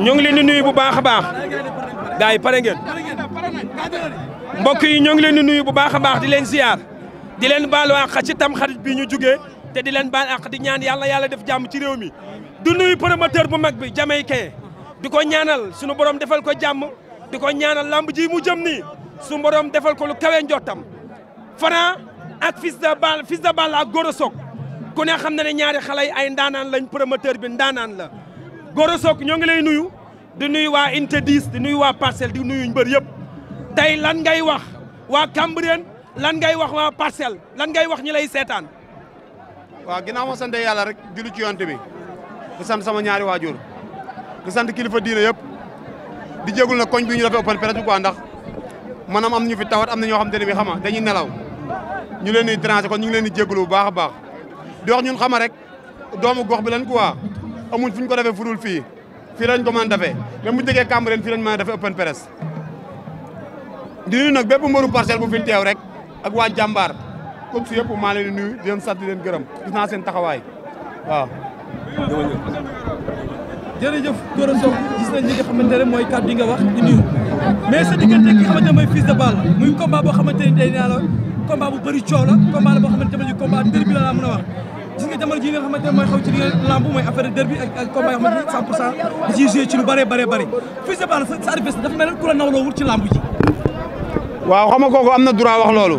ñoo ngi leen di nuyu bu baax a baax gars yi pare ngeen mbokk yi ñoo ngi leen di nuyu bu baax a baax di leen ziar di leen baalu àq ci tam xarit bi ñu jugee te di leen baal àq di ñaan yàlla yàlla def jàmm ci réew mi. du nuyu promoteur bu mag bi Jamaïcain di ko ñaanal sunu borom defal ko jàmm di ko ñaanal lamb ji mu jëm nii sunu borom defal ko lu kawe njottam Franc ak Fils de Balla Fils de Balla ak Gora ku ne xam na ne ñaari xale yi ay ndaanaan lañ promoteur bi ndaanaan la. Gora Sock ñoo ngi lay nuyu di nuyu waa Unité 10 di nuyu waa Parcelles di nuyu mbër yépp tey lan ngay wax waa Cambérène lan ngay wax waa Parcelles lan ngay wax ñi lay seetaan. waaw ginnaaw ma sant yàlla rek julli ci bi di sama ñaari waajur di sant kilifa diine yëpp di jégul na koñ bi ñu dafay open presse bi quoi ndax maanaam am ñu fi tawat am na ñoo xam te ne bi xama dañuy nelaw ñu leen di tranché kon ñu ngi leen di jégul bu baax a baax di wax ñun xama rek doomu gox bi lan quoi. amuñ fu ñu ko defee fudul fii fii lañ ko mën a defee même bu jógee Cambérène fii lañ mën a open press di nuyu nag bépp mbëru parcelle bu fi teew rek ak waa jàmbaar comme si yëpp nu leen di nuyu di leen gërëm gis naa taxawaay waaw. jërëjëf Gora Sow gis nañ li nga mooy kàddu yi nga wax di nuyu mais sa diggante ki nga xamante muy combat boo xamante ne day bëri coow la boo xamante ne combat dër bi wax. gis nga jamono ji nga xamante ne mooy xaw ci li nga lamb mooy affaire derby ak ak combat yoo xam ne 100 pour cent da ciy joué ci lu bëree bëree bëri Fils de Balla sa adversaire dafa mel ne ku la nawloo wut ci lamb ji waaw xam nga kooku am na droit wax loolu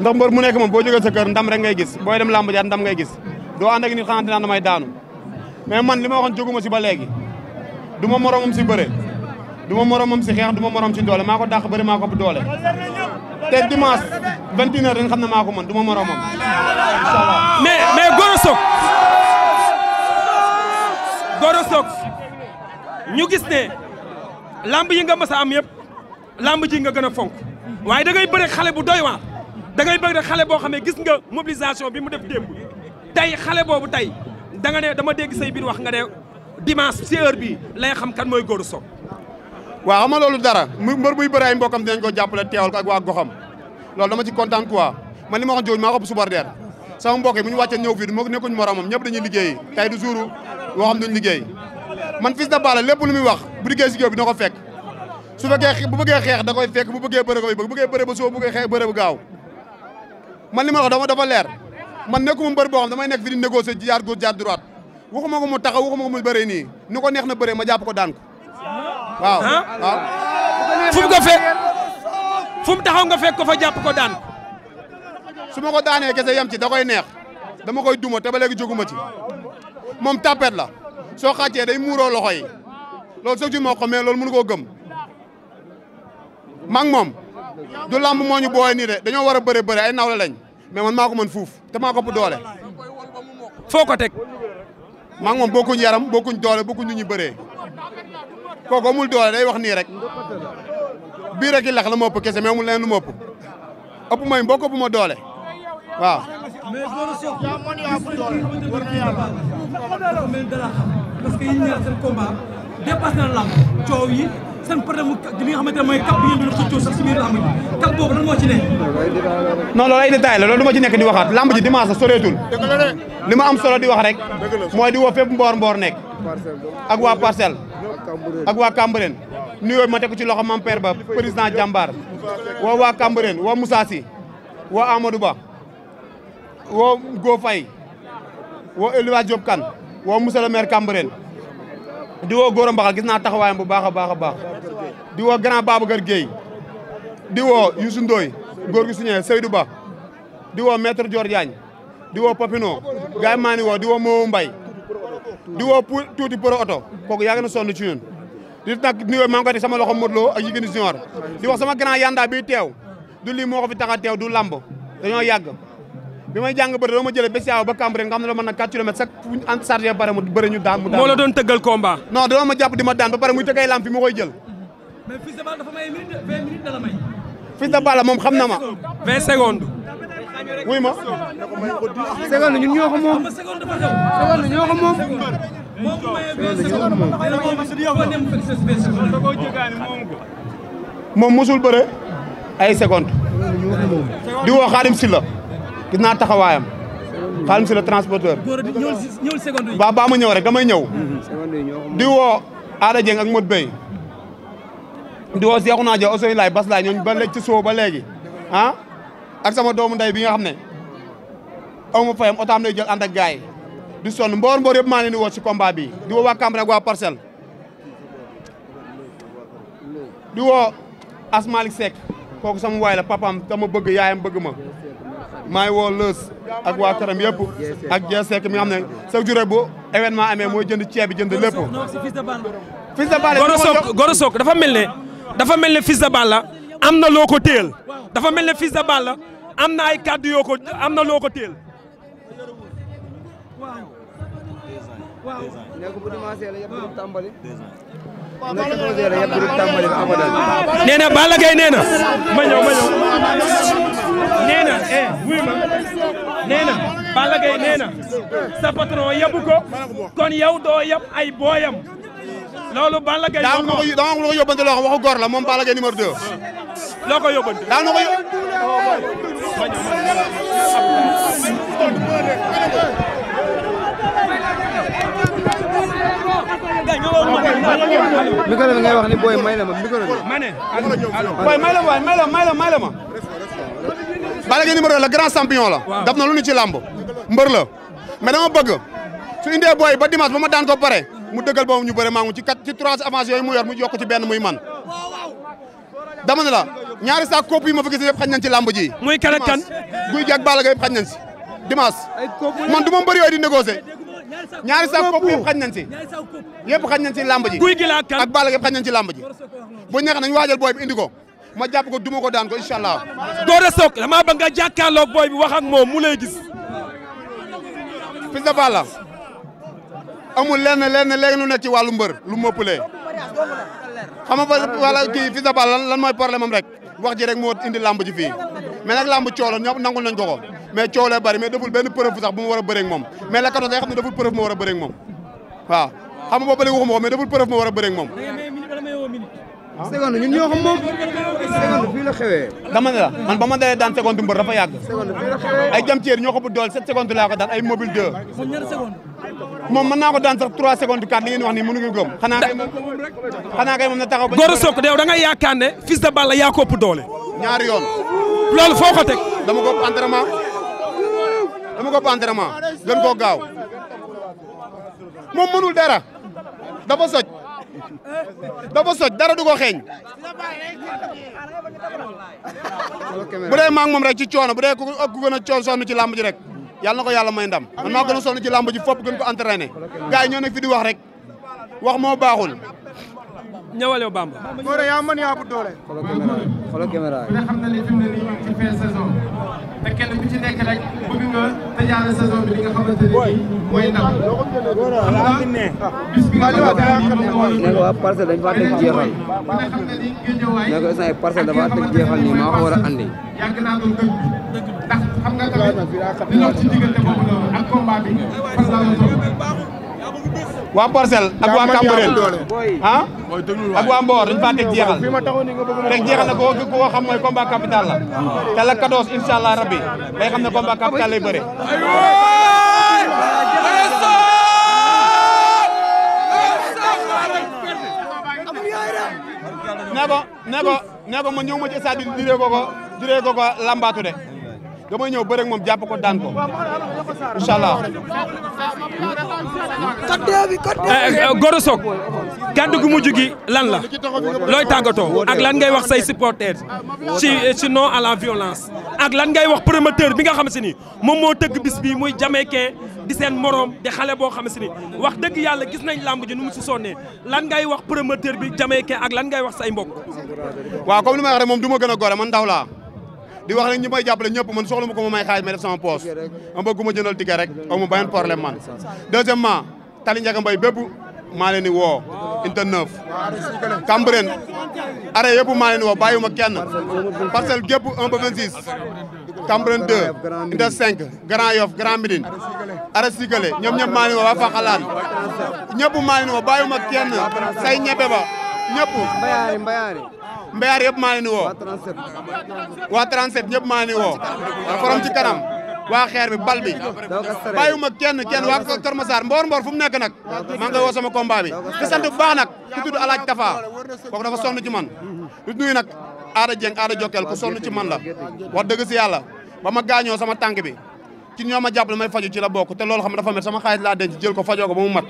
ndax mbër mu nekk moom boo jógee sa kër ndam rek ngay gis booy dem lamb jaat ndam ngay gis doo ànd ak nit xanaa dinaa damay daanu mais man li ma waxoon jóguma si ba léegi du ma moromam si bëre du ma moromam si xeex du ma morom si doole maa ko dàq bëri maa ko bu doole te dimanche vingt et une heures dañ xam ne maa ko mën du ma moromam incha allah Sock Gora ñu gis ne lamb yi nga mës a am yëpp lamb ji nga gën a fonk waaye da bëre xale bu doy waar da ngay bëre xale boo xam ne gis nga mobilisation bi mu def démb tey xale boobu tey danga nga ne dama dégg say biir wax nga ne dimanche si heure bi lay xam kan mooy Gora Sock waaw xam nga loolu dara mbër buy bëre ay mbokkam dinañ ko jàppale teewal ko waa goxam loolu dama ci kontaan quoi man li ma wax jooju maa ko bu subar deer sama mbokk yi bu ñu wàccee ñëw fii moo nekkuñu moromam ñëpp dañuy liggéey tey du jour woo xam duñu liggéey man Fils de Balla lépp lu muy wax bu liggéey si géew bi na ko fekk su fekkee bu bëggee xeex da koy fekk bu bëggee bëre koy bëgg ba suba bu bëggee xeex bëre bu gaaw man li ma wax dama dafa leer man nekkuma mbër boo xam damay nekk fi di négocier jaar gauche jaar droite waxuma ko mu taxaw waxuma ko mu bëree nii ni ko neex na bëree ma jàpp ko daan ko waaw waaw fu mu ko fekk taxaw nga fekk fa jàpp ko daan su ma ko daanee kese yem ci da koy neex dama koy duma te ba léegi jóguma ci moom tappet la soo xàccee day muuroo loxo yi loolu soog ci moo ko mais loolu mënu koo gëm mag moom du lamb moo ñu booy nii de dañoo war a bëre bëre ay nawle lañ mais man maa ko mën fuuf te maa ko ëpp doole. foo ko teg. mag moom bokkuñ yaram bokkuñ doole bokkuñ nu ñu bëree kooku mul doole day wax nii rek bii rek i lax la ma ëpp kese mais amul leneen lu ma ëpp ëpp may mbokk ëpp ma doole. waaw. mais loolu si yow. yaa man yaa na yàlla. moo ci ma ci nekk di waxaat lamb ji dimanche la soreetul. li ma am solo di wax rek. mooy di woo fépp mboor mboor nekk. ak waa parcelle. ak waa Cambérène. nuyoo ma teg ci loxo mam père ba président jàmbaar. woo waa Cambérène woo Moussa Sy woo Amadou Ba. woo Go Faye woo Eliwa Diop Kane woo monsieur le di woo Gora Mbaxal gis naa taxawaayam bu baax a baax a baax di woo grand Babacar Gueye di woo Youssou Ndoye góor gi suñee Seydou Ba di woo maître Dior Diagne di woo Papino gars yi ni woo di woo Momo Mbaye di woo tuuti pro oto kooku yàgg na sonn ci ñun di nag nuyoo maa ngi sama loxo Modou Lo ak Yékini Junior di wax sama grand yanda bi teew du lii moo fi tax teew du lamb dañoo yàgg bi may jàng bëri dama jëlee bés yaaw ba Cambérène nga xam ne dama mën na 4 kilomètres sax fu ñu mu bëri ñu daan mu daan moo la doon tëggal combat non dama ma jàpp di ma daan ba pare muy tëggay lamp yi ma koy jël mais Fils de Balla dafa moom xam na ma 20 secondes ma seconde ñun ñoo mosul bëre ay seconde di woo Xaadim Silla gis naa taxawaayam xaalim si le transporteur waaw baa ma ñëw rek damay ñëw di woo Ada Dieng ak Modou Bey di woo Seexu Naajo Ousseynou Laay Bas Laay ñooñ ba léegi ci soo ba léegi ah ak sama doomu nday bi nga xam ne aw ma fayam otaam lay jël ànd ak gaay di sonn mboor mboor yëpp maa leen di woo ci combat bi di woo waa Cambérène ak waa Parcelles di woo Asmalik Seck kooku sama waay la papaam dama bëgg yaayam bëgg ma maay woo lës ak waa këram yëpp ak jeeseek mi nga xam ne chaque jour bu événement amee mooy jënd ceeb bi jënd lépp. Fils de Balla Gora Sock dafa mel ne dafa mel ne Fils de Balla am na loo ko téel dafa mel ne Fils de am na ay kàddu yoo ko am na loo ko téel. waaw. nee na Balla Gaye nee na ma ñëw ma ñëw nee na eh na Balla Gaye kon yow ay booyam loolu Balla Gaye. daa ko daa ma ko yóbbante loo xam waxu micro bi ngay wax ni booy may la ma micro bi. ma ne booy may la ma may la may la may la ma. Balla Gaye numéro la grand champion la. waaw daf na lu ñu ci làmb. mbër la mais dama bëgg su indee booy ba dimanche ba ma daan ko pare mu dëggal boobu ñu bëre maa ngi ci kat ci trois avance yooyu mu yor mu yokk ci benn muy man. dama ne la ñaari saako kopp yi ma fa gis yëpp xañ nañ ci làmb ji. muy kan ak kan. guy gi ak Balla Gaye yëpp xañ nañ si dimanche. man du ma mbër yooyu di négocier. ñaari saako kopp yëpp xañ nañ si yëpp xañ nañ si làmb ji ak Balla yëpp xañ nañ si làmb ji bu neex nañ waajal booy bi indi ko ma jàpp ko duma ko daan ko incha allah Doore Sock damaa bëgg nga booy bi wax ak moom mu lay gis Fils de Balla amul lenn lenn léegi lu nekk ci wàllu mbër lu mu le xam nga wala kii Fils de Balla lan mooy problème am rek wax ji rek moo indi làmb ji me mais nag làmb coolo ñoom nangul nañ ko mais coow la bari mais deful benn preuve sax bu mu war a bëree ak moom mais la 14 day xam ne deful preuve ma war a bëree ak moom waaw xam nga boobu ba léegi waxuma ko mais deful preuve ma war a ah. dama ne seconde mbër dafa yàgg ay jam ceer ñoo bu dool sept secondes laa ko daan ay mobile deux moom mën naa ko daan sax trois secondes quatre li ngeen wax nii mënu ngi gëm xanaa kay moom na taxaw Gora Sock yow da nga yaakaar ne Fils de Balla doole ñaari yoon loolu foo ko teg dama ko ëpp entraînement gën koo gaaw moom mënul dara dafa soj dafa soj dara du ko xeeñ bu dee maa ngi moom rek ci coono bu dee ku ku gën a coono sonn ci làmb ji rek yàlla na ko yàlla may ndam man maa gën a sonn ci làmb ji fopp gën ko entraîné gars yi ñoo nekk fi di wax rek wax moo baaxul ñëwal yow Bamba. góor yaa mën yaa bu doole. xoolal caméra xoolal caméra. nga xam ne li fi mu ne nii ñu ngi ci fin saison. te kenn ku ci nekk rek bëgg nga tëjaale saison ne nii ko waa parcelle dañ faa teg jeexal. ne maa ko war a andi. yàgg naa doon waa Parcelles ak waa Cambérène ah ak waa Mbor dañu faa teg jeexal teg jeexal na ko ku ko xam mooy combat capital la te la 14 incha allah rabbi day xam ne combat capital lay bëre. ne ko ne ko ne ko ma ñëw ma ci stade bi diree ko ko diree ko de. damay ñëw bëre moom jàpp ko daan ko incha allah. Eh, eh, Gora Sock kàddu gu mujj gi lan la looy tàggatoo ak lan ngay wax say supporters si ci non à la violence ak lan ngay wax promoteur bi nga xam si ni moom moo tëgg bis bi muy Jamaïcain di seen morom di xale boo xam si ni wax dëgg yàlla gis nañ làmb ji nu mu si sonnee lan ngay wax promoteur bi Jamaïcain ak lan ngay wax say mbokk. waaw comme li ma wax moom du ma gën a gore man ndaw laa. di wax rek ñi may jàppale ñëpp man soxla ma ko ma may xaalis may def sama poos ma bëgg ma jëndal ticket rek aw ma beneen problème man deuxièmement tali njaga mbay bépp maa leen woo inte neuf Cambérène arrêt yëpp maa leen di woo bàyyiwuma kenn parcelle gépp 1 ba 26 Cambérène 2 inte 5 Grand Yoff Grand Médine arrêt Sikale ñëpp maa woo waa Fakhalaan ñëpp maa woo bàyyiwuma kenn say ñebe ba ñëpp mbayaar yëpp maa leen di woo waa 37 ñëpp maa leen di woo forom ci kanam waa xeer bi bal bi bàyyiwuma kenn kenn waa ko Kër Massar mboor mboor fu mu nekk nag maa ngi koy woo sama combat bi di sant bu baax nag ku tudd alaaj Tafa kooku dafa sonn ci man du nuyu nag aada jeng aada jokkel ku sonn ci man la wax dëgg si yàlla ba ma gaañoo sama tànk bi ci ñoo ma jàppale may faju ci la bokk te loolu xam dafa met sama xaalis laa denc jël ko fajoo ko ba mu mat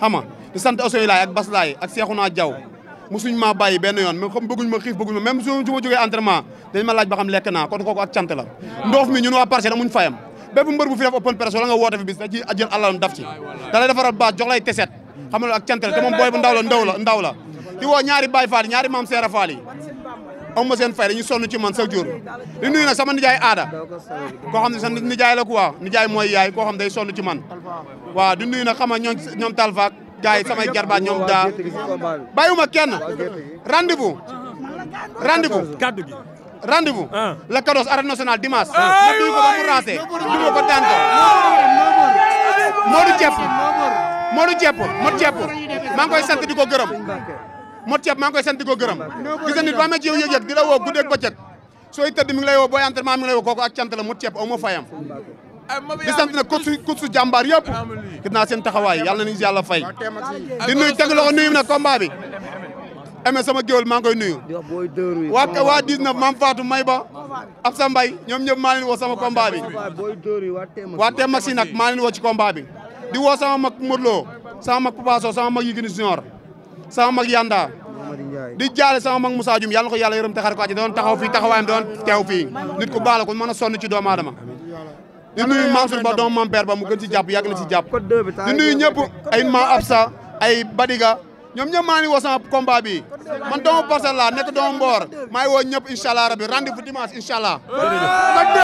xam sant Ousseynou ak Bas Laye ak musuñ maa bàyyi benn yoon mais comme bëgguñ ma xiif bëgguñ ma même su ma jógee entraînement dañ ma laaj ba xam lekk naa kon kooku ak cant la ndoof mi ñun waa parcelle amuñ fayam bépp mbër bu fi def open press wala nga woote fi bis da ci ajël alalam daf ci da lay defaral baax teset xam nga ak cant te moom booy bu ndaw la ndaw la ndaw la di ñaari Baye Fall ñaari maam Seera Fall yi seen fay dañu sonn ci man chaque jour li nuyu nag sama nijaay gars yi samay jarbaat ñoom daa bàyyiwuma kenn rendez-vous rendez la Cados arène nationale dimanche ma ah. duy ko ba mu ko daan ko Modou Diep Modou Diep Modou Diep maa ngi koy sant di ko gërëm Modou Diep maa ngi koy sant di ko gërëm gis nga nit ba amee ci yow yëg-yëg di la woo guddeeg bëccëg sooy tëdd mi ngi lay woo booy entraînement mi ngi lay woo kooku ak cant la Modou Diep aw ma fayam Eh, di sant nag coach su coach su jàmbaar yëpp gis naa seen taxawaay yàlla nañu si yàlla fay di nuyu teg loxo nuyu nag combat bi eme sama géwél maa ngi koy nuyu waa waa 19 maam Fatou may ba ab sa mbay ñoom ñëpp maa leen woo sama combat bi waa tee mag si nag maa leen woo ci combat bi di woo sama mag Modou Lo sama mag Papa Sow sama mag Yékini Junior sama mag Yanda di jaale sama mag Moussa Dioum yàlla ko yàlla yërëm taxar ko àjjana doon taxaw fii taxawaayam doon teew fii nit ku baax la ku mën sonn ci doomu adama di nuyu Mansour ba doom mam père ba mu gën ci jàpp yàgg na ci jàpp di nuyu ñëpp ay ma absa ay badiga ñoom ñëpp maa ngi woo sama combat bi man doomu Parcelles laa nekk doomu Mboor maa ngi woo ñëpp incha allah rabi rendez-vous dimanche incha